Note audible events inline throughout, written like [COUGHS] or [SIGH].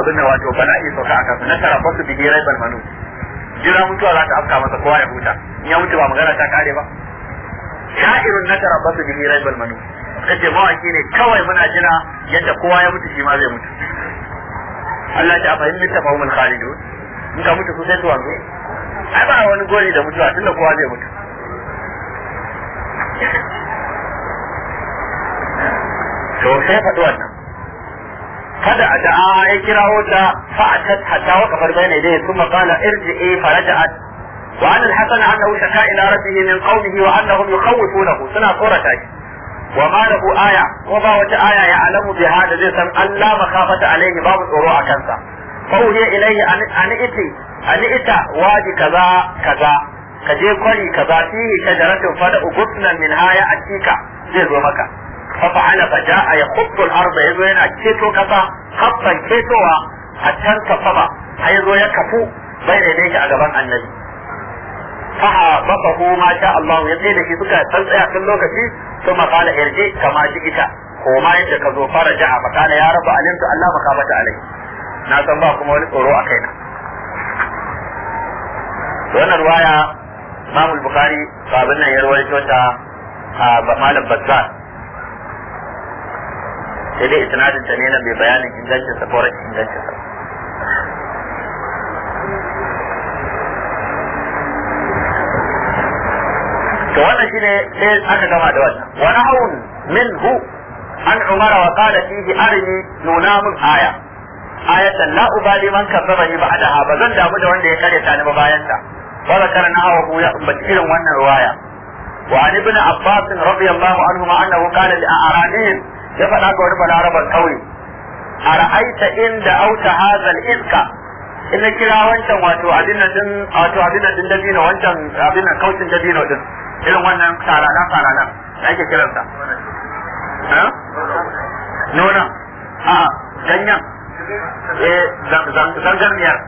abin da wato bana iya sauka a kafin na tara fasu bihi raibal manu jira mutuwa za ta afka masa kowa ya huta in ya mutu ba magana ta kare ba sha'irun na tara fasu bihi raibal manu kace mawaki ne kawai muna jira yadda kowa ya mutu shi ma zai mutu Allah ta fahimta ta fahimul khalidun in ka mutu sosai to wanzu ai ba wani gori da mutuwa tunda kowa zai mutu to sai faɗi wannan فدعا دعا اكراه دعا فعتت حتى وقف بين يديه ثم قال ارجئي فرجعت وعن الحسن انه شكا الى ربه من قومه وانهم يخوفونه سنا قرتك وما له آية وما وجه آية يعلم بهذا جسم أن لا مخافة عليه باب الوروع كنسا فأولي إليه أن إتي أن إتى واجي كذا كذا كجي قري كذا فيه شجرة فدأ قطنا من آية أتيك جزو مكة fa fa'ala fa ja'a ya al-ardh yana keto kasa haffan ketowa hatta kafa a yazo ya kafu bai da yake a gaban annabi fa habahu ma sha Allah ya tsaye da shi suka tsaya kan lokaci kuma qala irji kama jigita ko yadda ka zo fara ja'a fa kana ya rabu alimtu Allah baka mata alai na san ba kuma wani tsoro a kai kaina wannan waya Imam Bukhari babin nan ya rawaito ta a Malam Bazzar sai dai isnadin ta ne na bai bayanin ingancin sa ko rashin ingancin sa to wannan shine sai aka gama da wannan wa nahun minhu an umara wa qala fihi arini nuna mun aya ayatan la ubali man kazzaba ni ba'daha ba zan damu da wanda ya kare ta ni ba bayan ta wa zakarna wa hu ya ummati irin wannan riwaya وعن ابن عباس رضي الله عنهما انه قال لاعرابي ya faɗa ga wani balarabar ƙauye a ra'aita inda auta hazal iska in na kira wancan wato abin nan din wato abin nan din dabino wancan abin nan kaucin dabino din irin wannan sarana sarana da ake kiransa nuna a ganyen eh zangarniyar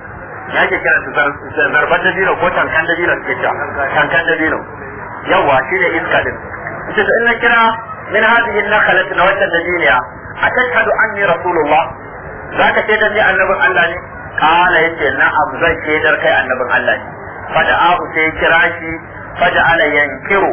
ya kiran kiransa zarban dabino ko tankan dabino suke cewa tankan dabino yawa shi ne iska din ita in na kira min hadhihi an-nakhlati na a dabiniya atashhadu anni rasulullah zaka ce da ni annabin Allah ne kala yace na'am zan ce kai annabin Allah ne fada abu sai kira shi fada ala yankiru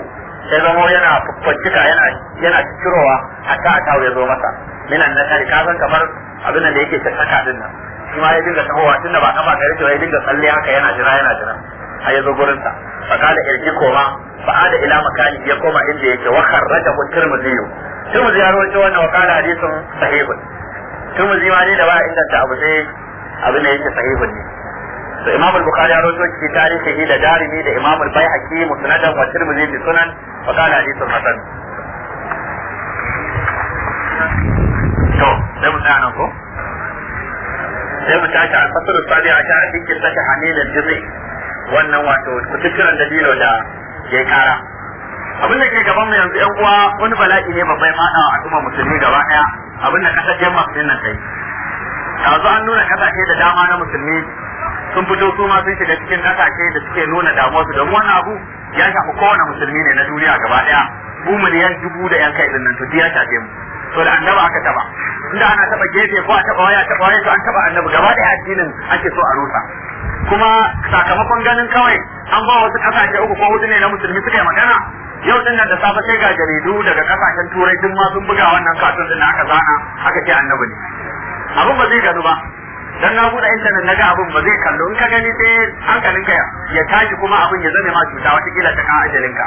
sai zama yana fukwancika yana yana cirowa hatta a ya zo masa min annakari ka san kamar abin da yake tsaka din nan shi ma ya dinga tahowa tunda ba kafa gare shi ya dinga tsalle haka yana jira yana jira har ya zo gurin sa fa kala koma fa'ada ila makani ya koma inda yake wa kharrajahu tirmidhi tirmidhi ya rawaito wannan wa kana hadithun sahihun tirmidhi ma ne da ba inganta abu sai abin da yake sahihun ne to imam al-bukhari ya rawaito shi tarihi da da imam al bi sunan sai mu tsaya nan ko sai mu tashi al-fasl sabi a cikin kitabah hamil al wannan wato kutubturan dalilo da ya kara abin da ke gaban mu yanzu yan uwa wani bala'i ne babbai fada a al'umma musulmi gaba daya abin da kasar yamma din na kai yanzu an nuna kasashe da dama na musulmi sun fito su ma sun shiga cikin kasashe da suke nuna su don wani abu ya shafi kowane musulmi ne na duniya gaba daya mu miliyan dubu da yan kai dinnan to ya shafe mu to da annaba aka taba inda ana taba gefe ko a taba waya taba waya to an taba annabi gaba da addinin ake so a rusa kuma sakamakon ganin kawai an ba wasu kasashe uku ko hudu ne na musulmi suka yi magana yau din nan da safe sai ga jaridu daga kasashen turai duk ma sun buga wannan kasuwar da aka zana aka ce annabi ne abin ba zai gano ba dan na buɗe intanet na ga abin ba zai kallo in ka gani sai hankalinka ya tashi kuma abin ya zame ma cuta wata kila ta kan ajalinka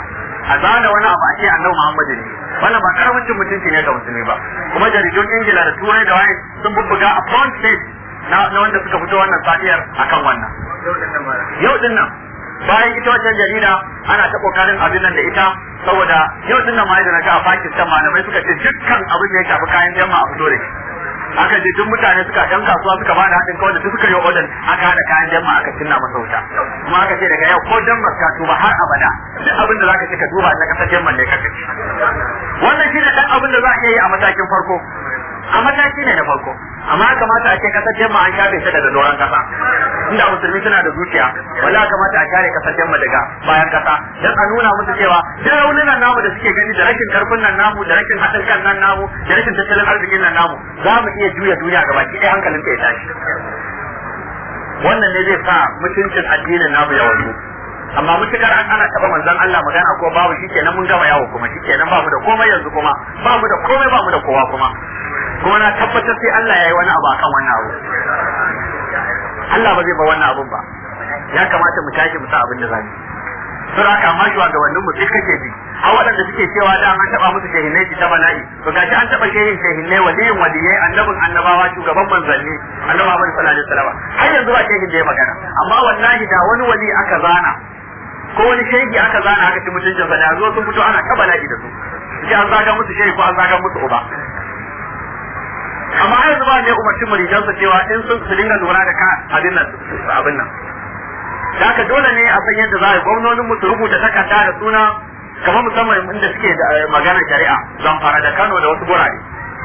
a zana wani abu a ce annabi Muhammad ne wannan ba karamin mutunci ne ga musulmi ba kuma jaridun Ingila da Turai da waye sun bubbuga a front page na wanda suka fito wannan safiyar akan wannan yau din nan bayan ita wata jarida ana ta kokarin abin nan da ita saboda yau din nan ma na a Pakistan malamai suka ce dukkan abin da ya shafi kayan jama'a a fito da shi aka je tun mutane suka ɗan kasuwa suka ba da haɗin kawai da suka yi order aka haɗa kayan jamma aka cinna masa wuta kuma aka ce daga yau ko jamma ka tuba har abada da abin da ka ce ka duba na kasar jamma ne ka wannan shi ne ɗan abin da za a iya yi a matakin farko a mataki ne na farko amma kamata a ce kasar jemma an shafe da daga doron kasa inda musulmi suna da zuciya wala kamata a share kasar jemma daga bayan kasa dan a nuna musu cewa rauni nan namu da suke gani da rashin karfin nan namu da rashin haɗin kan nan namu da rashin tattalin arzikin nan namu za mu iya juya duniya gaba ki ɗaya hankalin ta ya tashi wannan ne zai sa mutuncin addinin namu ya wanzu amma mutukar an ana taba manzon Allah magana ko babu shikenan mun gama yawo kuma shikenan babu mu da komai yanzu kuma babu da komai babu da kowa kuma kuma na tabbatar sai Allah ya yi wani abu akan wannan abu Allah ba zai ba wannan abun ba ya kamata mu tashi mu sa abin da zai sun haka amma shugabannin mu duk kake bi a waɗanda suke cewa da an taɓa musu shehinai shi ta bala'i to gashi an taɓa shehin shehinai waliyin waliyai annabin annabawa shugaban manzanni annabawa bani sallallahu alaihi wasallam har yanzu ba shehin da ya magana amma wallahi da wani wali aka zana ko wani shehi aka zana aka ci mutuncin sa da zo sun fito ana ta bala'i da su sai an zaga musu shehi ko an zaga musu uba kuma yanzu ba ne umarci su cewa in sun su dinga lura da ka abin nan abin nan da aka dole ne a san yadda za a yi gwamnonin musu rubuta takarda da suna kamar musamman inda suke eh, maganar shari'a fara da kano da wasu gurare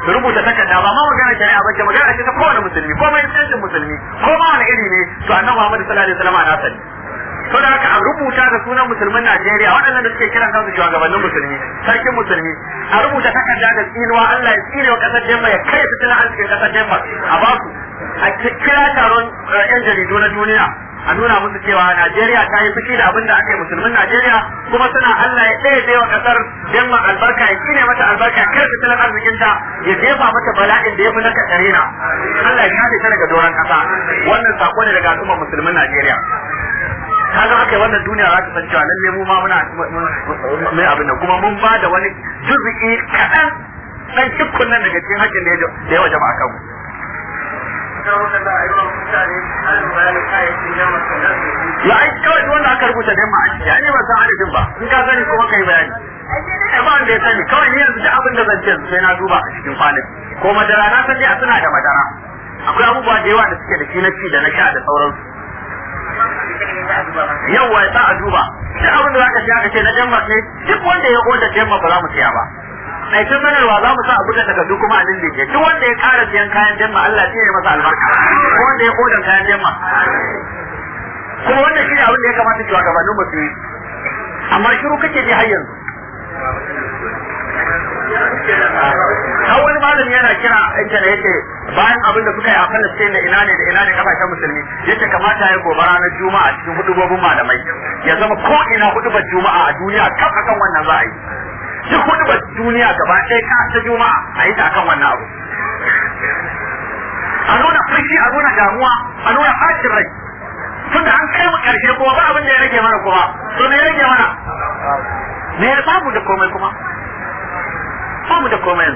su rubuta takarda ba ma maganar shari'a ba ce magana ce ta kowane musulmi ko mai musulmi ko ma wani iri ne to annabi Muhammad sallallahu alaihi wasallam na sani to da haka a rubuta da sunan musulmin Najeriya waɗannan da suke kiran kansu shugabannin musulmi sarkin musulmi a rubuta takarda da tsinuwa Allah ya tsine wa kasar Denmark ya kai su tana cikin kasar Denmark a ba su a kira taron yan eh, jaridu na duniya a nuna musu cewa Najeriya ta yi fushi da abin da aka yi musulmin Najeriya kuma suna Allah ya tsaye da wa kasar Denmark albarka ya kine mata albarka ya su tana arzikin ta ya jefa mata bala'in da ya fi na kasarina Allah ya kafe ta daga doron kasa wannan sako ne daga al'ummar musulmin Najeriya kaga aka wannan duniya za ta san cewa ne mu ma muna mai abin nan kuma mun ba da wani juzu'i kaɗan dan cikin nan daga cikin hakkin da ya yawa jama'a kanmu. Ya ai kawai wanda aka rubuta dan ma'aji ya ne ba san adadin ba in ka sani kuma yi bayani. Ai ba wanda ya sani kawai ni yanzu da abin da zan ce sai na duba a cikin kwanan ko madara na san a suna da madara akwai abubuwa da yawa da suke da shi na ci da na sha da sauransu yawwa ya sa a duba shi abin da za ka siya aka ce na denmark ne duk wanda ya oda denmark ba za mu siya ba mai tun sanarwa za mu sa a buga takardu kuma a ke duk wanda ya kara siyan kayan denmark Allah ya masa albarka ko wanda ya oda kayan denmark kuma wannan shi ne abin da ya kamata ki wa gabanin mu yi amma shiru kake ji har yanzu har wani malami yana kira intanet yake bayan abin da suka yi a Palestine da ina ne da ina ne kasashen musulmi yace kamata ya gobe ranar juma'a cikin da malamai ya zama ko ina hudubar juma'a a duniya kan akan wannan za a yi duk hudubar duniya gaba ɗaya ka ta juma'a a yi ta akan wannan abu a nuna fushi a nuna damuwa a nuna fashin rai tun da an kai mu karshe kuma ba abin da ya rage mana kuma to me ya rage mana me ya samu da komai kuma samu da komai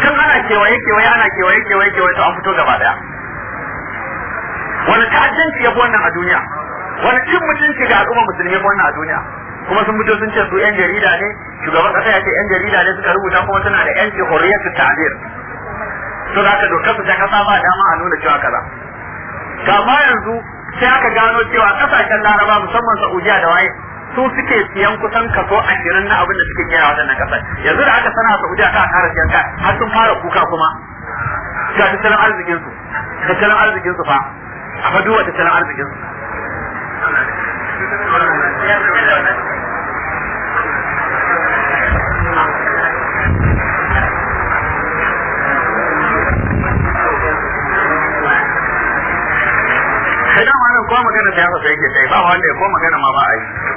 tun ana kewaye kewaye ana kewaye kewaye kewaye to an fito gaba daya wani ta'addanci ya wannan a duniya wani cin mutunci ga al'umma musulmi wannan a duniya kuma sun fito sun ce su yan jarida ne shugaban kasa ya ce yan jarida ne suka rubuta kuma suna da yanci su ta'bir to da ka dokar su ta kasa ba dama a nuna cewa kaza kama yanzu sai aka gano cewa kasashen laraba musamman saudiya da waye su suke siyan kusan kaso ashirin na abin da suke kera waɗannan kasar yanzu da aka sana a ta kara siyan ka har sun fara kuka kuma ga tattalin arzikin su tattalin arzikin su fa a faduwa tattalin arzikin su sai dama nan ko magana ta yafa sai sai ba wanda ya ko magana ma ba a yi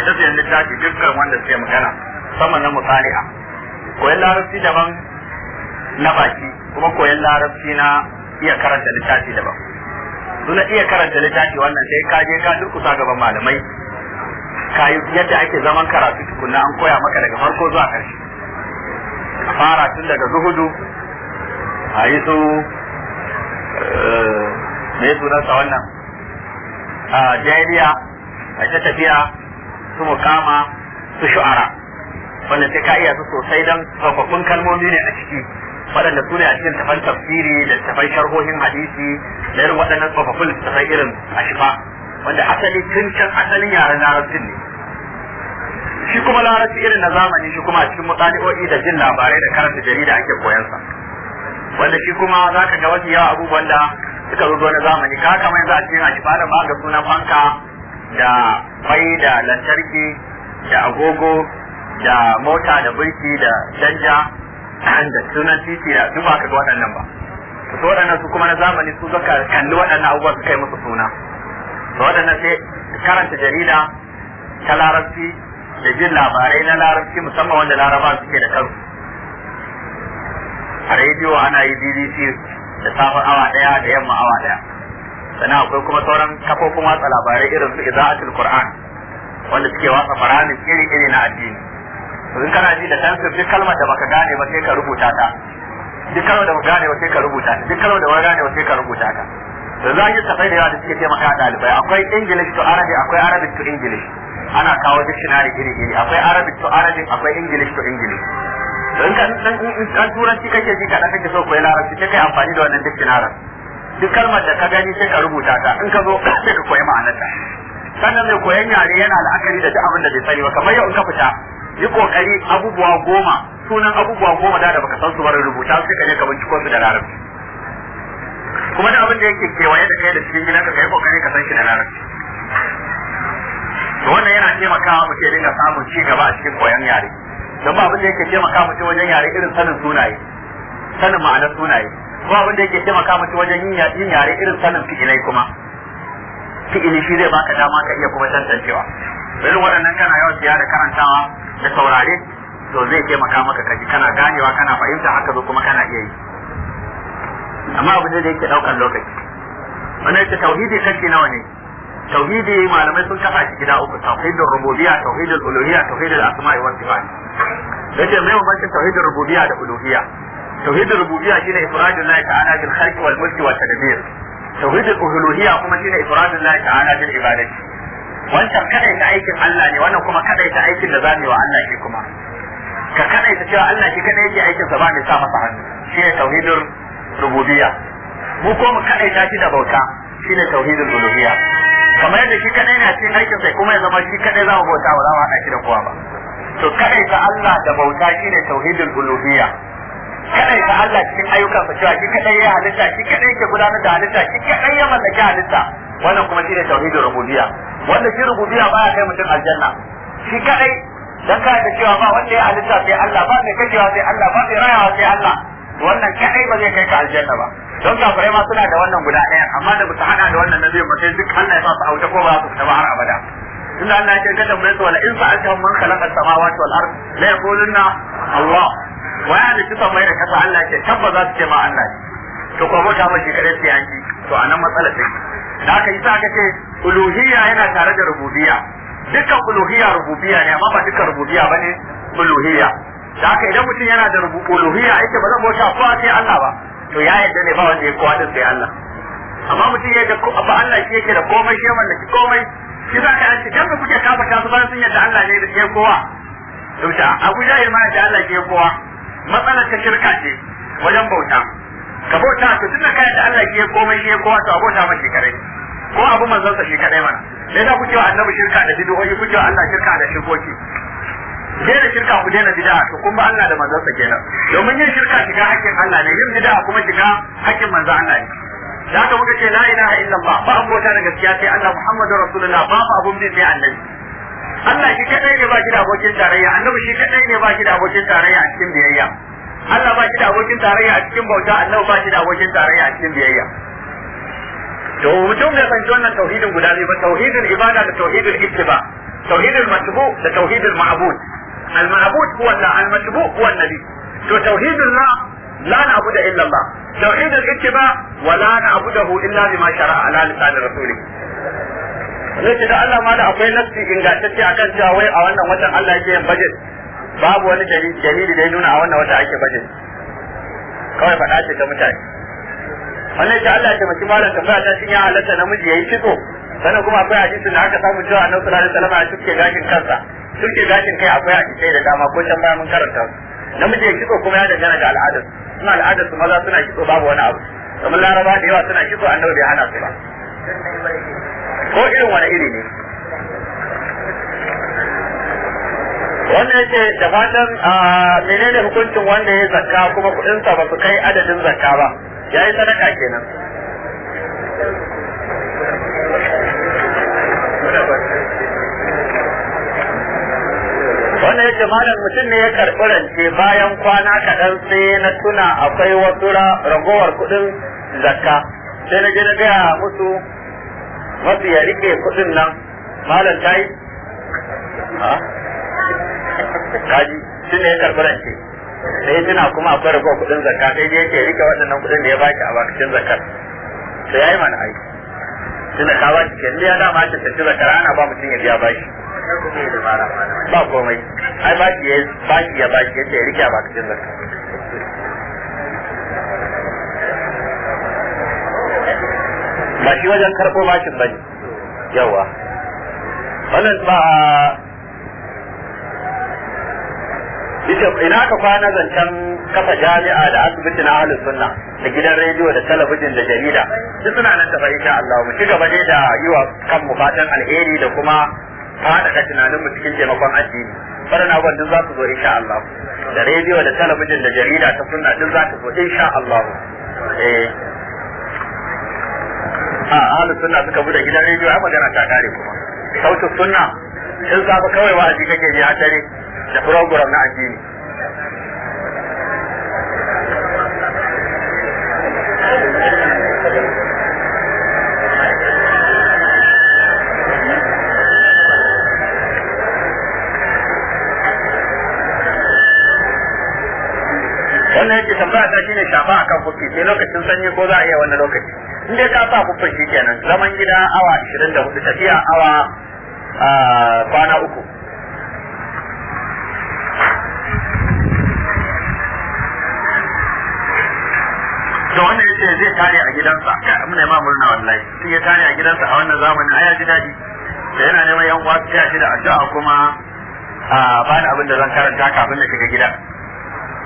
mai tafiya da littafi dukkan wanda suke magana sama na musari'a koyan larabci daban na baki kuma koyan larabci na iya karanta littafi daban suna iya karanta littafi wannan sai ka je ka durkusa gaban malamai ka yadda ake zaman karatu tukunna an koya maka daga farko zuwa karshe, a fara tun daga zuhudu a yi su eh, me sunansa wannan a jariya a ta tafiya su mukama su shu'ara wanda sai ka iya su sosai dan tsofaffin kalmomi ne a ciki waɗanda su ne a cikin tafan tafsiri da tafan sharhohin hadisi da irin waɗannan tsofaffin tafan irin shifa wanda asali tun can asalin yaren larabcin ne shi kuma larabci irin na zamani shi kuma a cikin mutane'o'i da jin labarai da karanta jarida ake koyansa wanda shi kuma za ka ga wasu yawa abubuwan da suka zo na zamani ka kama yanzu a cikin shifa da ba ga sunan fanka da mai da lantarki da agogo da mota da birki da canja da sunan titi da duk ka waɗannan ba su waɗannan su kuma na zamani su zaka kalli waɗannan abubuwa su kai musu suna su waɗannan sai karanta jarida ta larabci da jin labarai na larabci musamman wanda laraba suke da kansu a rediyo ana yi bbc da safin awa ɗaya da yamma awa ɗaya sannan akwai kuma sauran kafofin watsa labarai irin su idza'atul qur'an wanda suke watsa farani iri iri na addini in kana ji da tansir duk kalmar da baka gane ba sai ka rubuta ta duk kalmar da baka gane ba sai ka rubuta ta duk kalmar da baka gane ba sai ka rubuta ta da za yi tafai da yawa da suke taimaka ɗalibai akwai english to arabic akwai arabic to english ana kawo dictionary iri iri akwai arabic to arabic akwai english to english in ka dan turanci kake ji ka dan kake so koyi larabci sai kai amfani da wannan dictionary duk kalmar da ka gani sai ka rubuta ta in ka zo [COUGHS] sai ka koyi ma'anarta sannan mai koyan yare yana la'akari da duk abin da bai sani ba kamar yau in ka fita yi kokari abubuwa goma sunan abubuwa goma da da baka san su ba rubuta sai ka je ka binciko su da larabci kuma da abin da yake kewaye da kai da cikin gidan ka yi kokari ka san shi da larabci to wannan yana taimakawa mu ke dinga samun ci gaba a cikin koyon yare don ba abin da yake mu ce wajen yare irin sanin sunaye sanin ma'anar sunaye ba wanda da yake taimaka miki wajen yin yare irin sanin fi'ilai kuma fi'ili shi zai baka dama ka iya kuma tantancewa irin waɗannan kana yawan siya da karantawa da saurare to zai taimaka maka kaji kana ganewa kana fahimta haka zo kuma kana iya yi amma abu da yake ɗaukar lokaci wannan yake tauhidi kashi nawa ne tauhidi malamai sun kafa shi gida uku tauhidin rububiyya tauhidin uluhiyya tauhidin asma'i wa sifat yace mai bambancin tauhidin rububiyya da uluhiyya tauhidul rububiyya shine ifradullahi ta'ala bil khalq wal mulk wa tadbir tauhidul uluhiyya kuma shine ifradullahi ta'ala bil ibadati wancan kadai ta aikin Allah ne wannan kuma kadai ta aikin da zamu yi wa Allah shi kuma ka kadai ta cewa Allah shi kadai yake aikin ba mai sa mu ko mu kadai ta shi da bauta shine tauhidul uluhiyya kamar yadda shi kadai ne cikin aikin sai kuma ya zama shi kadai za mu bauta ba za mu haɗa shi da kowa ba to kadai ta Allah da bauta shine tauhidul uluhiyya kadai ta Allah cikin ayyukan sa cewa shi kadai ya halitta shi kadai ke gudanar da halitta shi kadai ya mallaki halitta wannan kuma shine tauhidin rububiyya wanda shi rububiyya baya kai mutum aljanna shi kadai dan ka da cewa ba wanda ya halitta sai Allah ba mai kashewa sai Allah ba mai rayawa sai Allah wannan kadai ba zai kai ka aljanna ba don ka kafirai ma suna da wannan guda ɗaya amma da su hada da wannan na zai mutai duk Allah ya sa su auta ko ba su fita ba har abada inda Allah ya ce ka tambaye su wala in sa'altahum man khalaqa as-samawati wal ard la yaquluna Allah Waya a littafin mai da kasa Allah ce tabba za su ce ma Allah ne to kuma mota mai shekarar sai an yi to a nan matsalar take da aka yi sa aka ce uluhiyya yana tare da rububiyya dukkan uluhiyya rububiyya ne amma ba dukkan rububiyya bane uluhiyya da aka idan mutum yana da uluhiyya yake ba zan bauta kowa sai Allah ba to ya yadda ne ba wanda ya kowa sai Allah amma mutum ya da ba Allah shi yake da komai shi mallaki komai shi za ka yanci dan kuke kafa ta su bayan sun yadda Allah ne da ke kowa to ta Abu Jahil ma da Allah ke kowa matsalar ta shirka ce wajen bauta ka bauta to da kayan da Allah ke komai shi kowa to abota mashi kare ko abu manzon sa shi kadai mana Sai za ku cewa annabi shirka da bid'o'i ku cewa Allah shirka da shirkoki da shirka ku daina bid'a to kun ba Allah da manzon sa kenan domin yin shirka shiga hakkin Allah ne yin bid'a kuma shiga hakkin manzon Allah ne da haka muka ce la ilaha illallah ba abota da gaskiya sai Allah Muhammadu Rasulullah ba abun bin sai annabi Allah shi kadai ne ba shi da abokin tarayya annabi shi kadai ne ba shi da abokin tarayya a cikin biyayya Allah ba shi da abokin tarayya a cikin bauta annabi ba shi da abokin tarayya a cikin biyayya to mutum da san wannan tauhidin guda ne ba tauhidul ibada da tauhidul ittiba tauhidul matbu da tauhidul ma'bud al ma'bud huwa Allah al matbu huwa nabi to tauhidul la la na'budu illa Allah tauhidul ittiba wa la na'buduhu illa lima shara'a ala lisan rasulih zai ce da Allah ma da akwai nafsi ingantacce akan cewa wai a wannan watan Allah yake yin budget babu wani dalili da ya nuna a wannan wata ake budget kawai faɗa ce ta mutane wannan ce Allah ce maki malam tambaya ta shin ya halatta namiji yayi kitso sannan kuma akwai hadisin da aka samu cewa Annabi sallallahu alaihi wasallam ya tuke gashin kansa tuke gashin kai akwai hadisai da dama ko can baya mun karanta namiji ya kitso kuma ya dangana da al'adar suna al'adar su maza suna kitso babu wani abu kamar laraba da yawa suna kitso annabi bai hana su ba ko irin wani iri ne wannan yake da fatan a menene hukuncin wanda ya zakka kuma kudinsa ba su kai adadin zakka ba ya yi sadaka kenan wannan yake malam mutum ne ya karɓi rance bayan kwana kaɗan sai na tuna akwai wasu ragowar kudin zakka sai na je na gaya musu masu ya rike kudin nan malam ta yi kaji shi ne ya karɓi rance da ya tuna kuma akwai rabuwa kudin zakka sai dai yake rike waɗannan kudin da ya baki a bakacin zakka sai ya yi mana ai tuna ka baki ke ya dama ta tafi zakka ana ba mutum ya biya baki ba komai ai baki ya baki ya baki ya rike a bakacin zakka ba shi wajen karɓo bashin bane yawa wannan ba yace ina ka kwana zancen kafa jami'a da asibiti na ahlus sunna da gidan rediyo da talabijin da jarida duk suna nan tafa insha Allah mu ci gaba ne da yi wa kanmu fatan alheri da kuma faɗaɗa tunaninmu cikin taimakon addini waɗannan abubuwan duk za su zo insha Allah da rediyo da talabijin da jarida ta sunna duk za ta zo insha Allah eh a ahlus sunna suka bude gidan rediyo ai magana ta kare kuma sautu sunna in safa kawai wa'azi kake ji a dare da program na addini wannan yake tambaya ta shine shafa akan fuski sai lokacin sanyi ko za a iya wannan lokaci in dai ka sa kuffar shi kenan zaman gida awa 24 tafiya awa ah, kwana uku Da wanda yace zai tare a gidansa ne ma murna wallahi sai ya tare a gidansa a wannan zamanin aya ji dadi da yana neman yan uwa ta shi da addu'a kuma a ah, bani abin da zan karanta kafin na shiga gida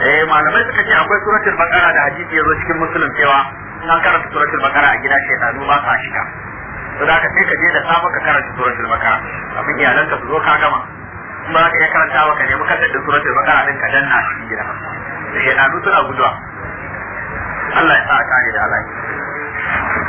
eh malamai suka ce akwai suratul baqara da hadisi yazo cikin muslim cewa ka karanta suratul bakara a gida shaytanu ba sa shiga to da ka sai ka je da safa ka karanta suratul bakara abin iyalan ka su zo ka gama kuma ka iya karanta wa ka nemi kasar da suratul bakara din ka danna a cikin gida shaytanu suna guduwa Allah ya sa ka da Allah